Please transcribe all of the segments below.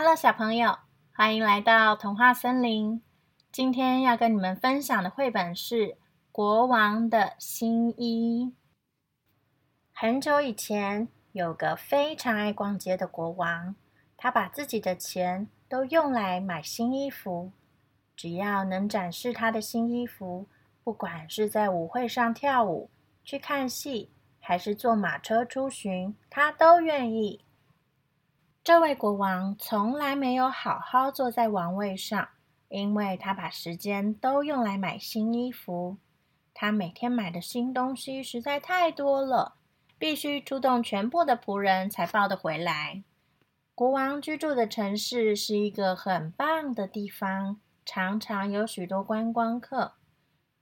Hello，小朋友，歡迎來到童話森林。今天要跟你們分享的繪本是《國王的新衣》。很久以前，有個非常愛逛街的國王，他把自己的錢都用來買新衣服。只要能展示他的新衣服，不管是在舞會上跳舞、去看戲，還是坐馬車出巡，他都願意。這位國王從來沒有好好坐在王位上，因為他把時間都用來買新衣服。他每天買的新東西實在太多了，必須出動全部的僕人才抱得回來。國王居住的城市是一個很棒的地方，常常有許多觀光客。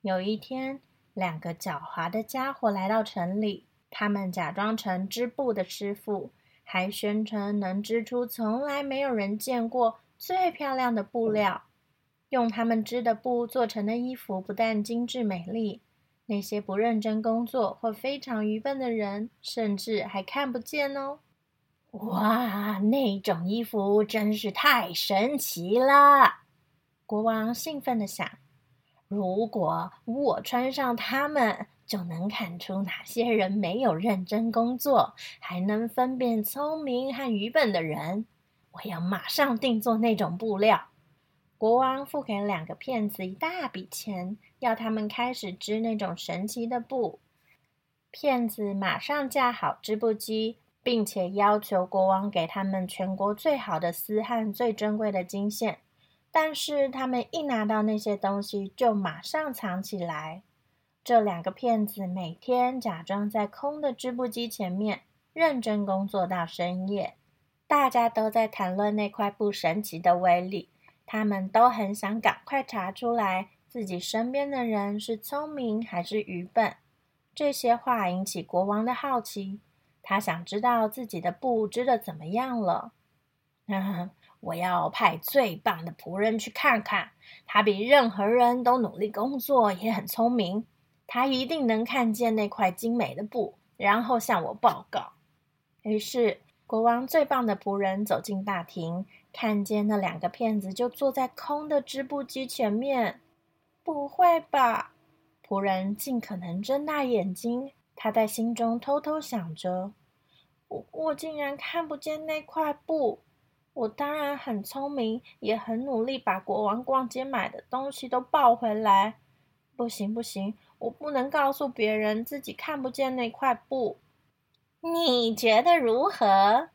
有一天，兩個狡猾的家伙來到城裡，他們假裝成織布的師傅。還宣稱能織出從來沒有人見過最漂亮的布料，用他們織的布做成的衣服不但精緻美麗，那些不認真工作或非常愚笨的人，甚至還看不見哦！哇，那種衣服真是太神奇了！國王興奮地想：如果我穿上它們，就能看出哪些人沒有認真工作，還能分辨聰明和愚笨的人。我要馬上定做那種布料。國王付給兩個騙子一大筆錢，要他們開始織那種神奇的布。騙子馬上架好織布機，並且要求國王給他們全國最好的絲和最珍貴的金線。但是他們一拿到那些東西，就馬上藏起來。這兩個騙子每天假裝在空的織布機前面認真工作到深夜，大家都在談論那塊布神奇的威力。他們都很想趕快查出來自己身邊的人是聰明還是愚笨。這些話引起國王的好奇，他想知道自己的布織的怎麼樣了。嗯，我要派最棒的僕人去看看，他比任何人都努力工作，也很聰明。他一定能看見那塊精美的布，然後向我報告。於是，國王最棒的僕人走進大廳，看見那兩個騙子就坐在空的織布機前面。不會吧？僕人盡可能睜大眼睛，他在心中偷偷想着：“我我竟然看不見那塊布！我當然很聰明，也很努力把國王逛街買的東西都抱回來。不行，不行！”我不能告訴別人自己看不見那塊布，你覺得如何？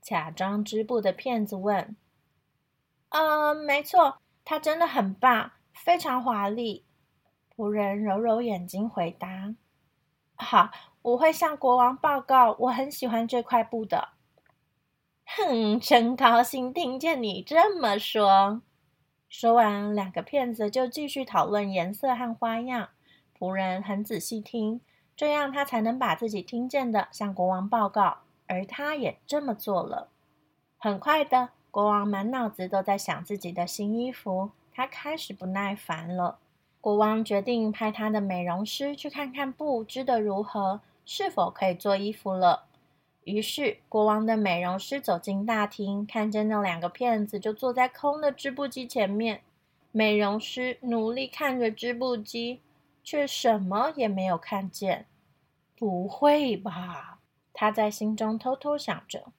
假裝織布的騙子問。“嗯、呃，沒錯，它真的很棒，非常華麗。”僕人揉揉眼睛回答。“好，我會向國王報告，我很喜歡這塊布的。”“哼，真高興聽見你這麼說。”說完，兩個騙子就繼續討論顏色和花樣。僕人很仔細聽，這樣他才能把自己聽見的向國王報告。而他也這麼做了。很快的，國王滿腦子都在想自己的新衣服，他開始不耐煩了。國王決定派他的美容師去看看布織得如何，是否可以做衣服了。於是，國王的美容師走進大廳，看見那兩個騙子就坐在空的織布機前面。美容師努力看着織布機，卻什麼也沒有看見，不會吧？他在心中偷偷想着。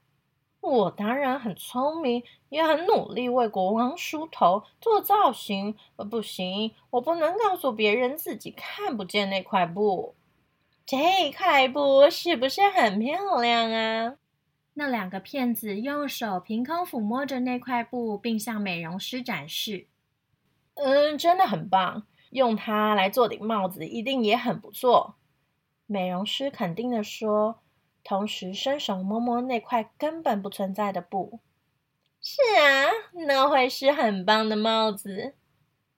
我當然很聰明，也很努力為國王梳頭、做造型。呃，不行，我不能告訴別人自己看不見那塊布。這塊布是不是很漂亮啊？那兩個騙子用手憑空撫摸着那塊布，並向美容師展示。嗯，真的很棒。用它來做頂帽子，一定也很不錯。美容師肯定的說，同時伸手摸摸那塊根本不存在的布。是啊，那會是很棒的帽子。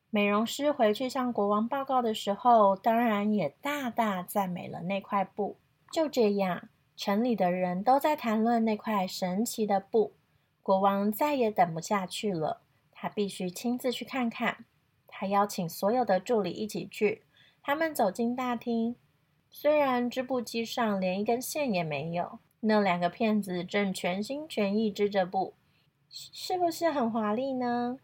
美容師回去向國王報告的時候，當然也大大讚美了那塊布。就這樣，城裡的人都在談論那塊神奇的布。國王再也等不下去了，他必須親自去看看。還邀請所有的助理一起去。他們走進大廳，雖然織布機上連一根線也沒有，那兩個騙子正全心全意織着布，是不是很華麗呢？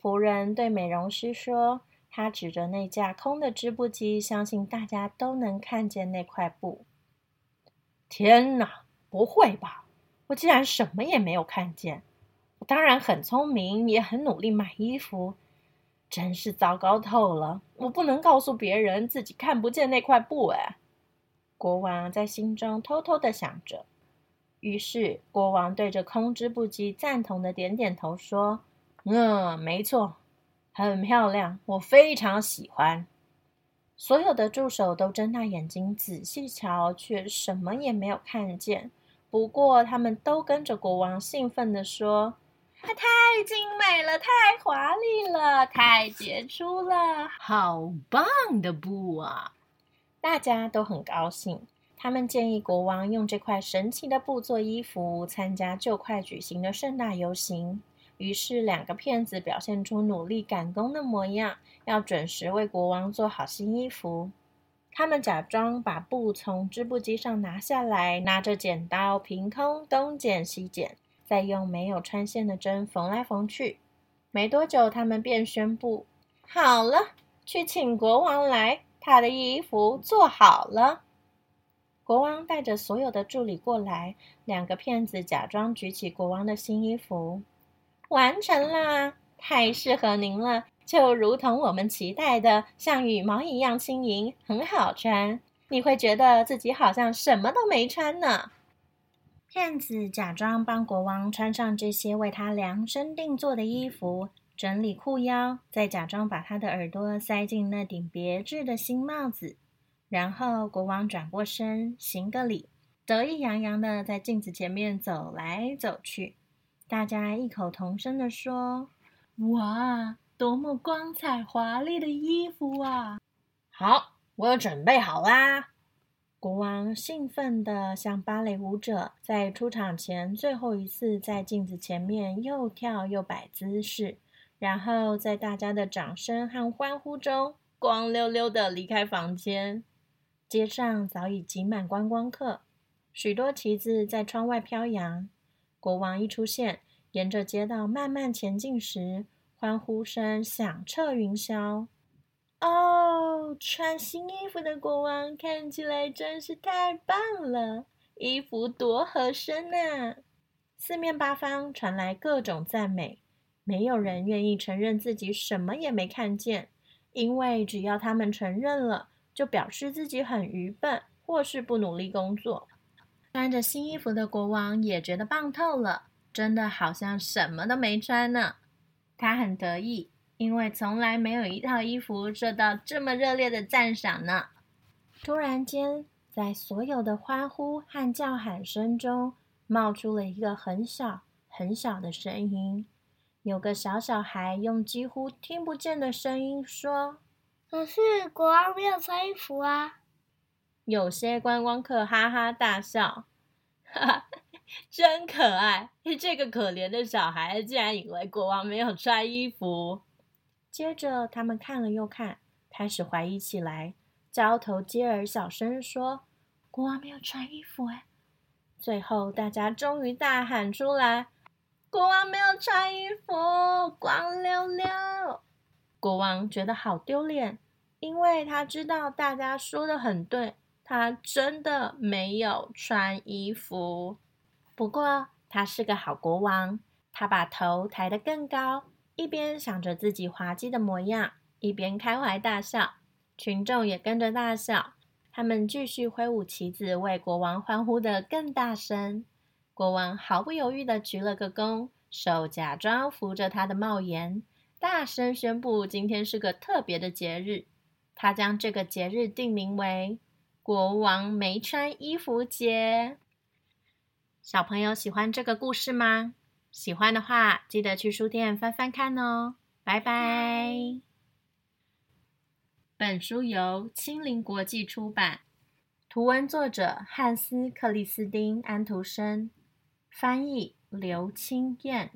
僕人對美容師說，他指着那架空的織布機，相信大家都能看見那塊布。天哪，不會吧？我竟然什麼也沒有看見！我當然很聰明，也很努力買衣服。真是糟糕透了！我不能告訴別人自己看不見那塊布、欸。誒。國王在心中偷偷的想着。於是，國王對着空織布機贊同的點點頭，說：“嗯，沒錯，很漂亮，我非常喜歡。”所有的助手都睜大眼睛仔細瞧，卻什麼也沒有看見。不過，他們都跟着國王興奮的說。它太精美了，太華麗了，太傑出了，好棒的布啊！大家都很高興。他們建議國王用這塊神奇的布做衣服，參加就快舉行的盛大遊行。於是，兩個騙子表現出努力趕工的模樣，要準時為國王做好新衣服。他們假裝把布從織布機上拿下來，拿着剪刀，憑空東剪西剪。再用沒有穿線的針縫來縫去，沒多久，他們便宣布：“好了，去請國王來，他的衣服做好了。”國王帶着所有的助理過來，兩個騙子假裝舉起國王的新衣服：“完成啦，太適合您了，就如同我們期待的，像羽毛一樣輕盈，很好穿。你會覺得自己好像什麼都沒穿呢。”騙子假裝幫國王穿上這些為他量身定做的衣服，整理褲腰，再假裝把他的耳朵塞進那頂別致的新帽子。然後國王轉過身，行個禮，得意洋洋的在鏡子前面走來走去。大家異口同聲的說：“哇，多麼光彩華麗的衣服啊！”好，我有準備好啦、啊。國王興奮地像芭蕾舞者，在出場前最後一次在鏡子前面又跳又擺姿勢，然後在大家的掌聲和歡呼中，光溜溜地離開房間。街上早已擠滿觀光客，許多旗子在窗外飄揚。國王一出現，沿着街道慢慢前進時，歡呼聲響徹雲霄。哦、Oh! 穿新衣服的國王看起來真是太棒了，衣服多合身吶、啊！四面八方傳來各種讚美，沒有人願意承認自己什麼也沒看見，因為只要他們承認了，就表示自己很愚笨或是不努力工作。穿着新衣服的國王也覺得棒透了，真的好像什麼都沒穿呢，他很得意。因為從來沒有一套衣服受到這麼熱烈的讚賞呢！突然間，在所有的歡呼和叫喊聲中，冒出了一個很小很小的聲音。有個小小孩用幾乎聽不見的聲音說：“可是國王沒有穿衣服啊！”有些觀光客哈哈大笑：“哈哈，真可愛！這個可憐的小孩竟然以為國王沒有穿衣服。”接着，他們看了又看，開始懷疑起來，交頭接耳，小聲說：“國王沒有穿衣服。”哎，最後大家終於大喊出來：“國王沒有穿衣服，光溜溜！”國王覺得好丟臉，因為他知道大家說的很對，他真的沒有穿衣服。不過，他是個好國王，他把頭抬得更高。一邊想着自己滑稽的模樣，一邊開懷大笑，群眾也跟着大笑。他們繼續揮舞旗子，為國王歡呼得更大聲。國王毫不猶豫地鞠了個躬，手假裝扶着他的帽檐，大聲宣布：“今天是個特別的節日。”他將這個節日定名為‘國王沒穿衣服節’。”小朋友喜歡這個故事嗎？喜歡的話，記得去書店翻翻看哦，拜拜。本書由青林國際出版，圖文作者漢斯·克利斯丁·安徒生，翻譯劉清彥。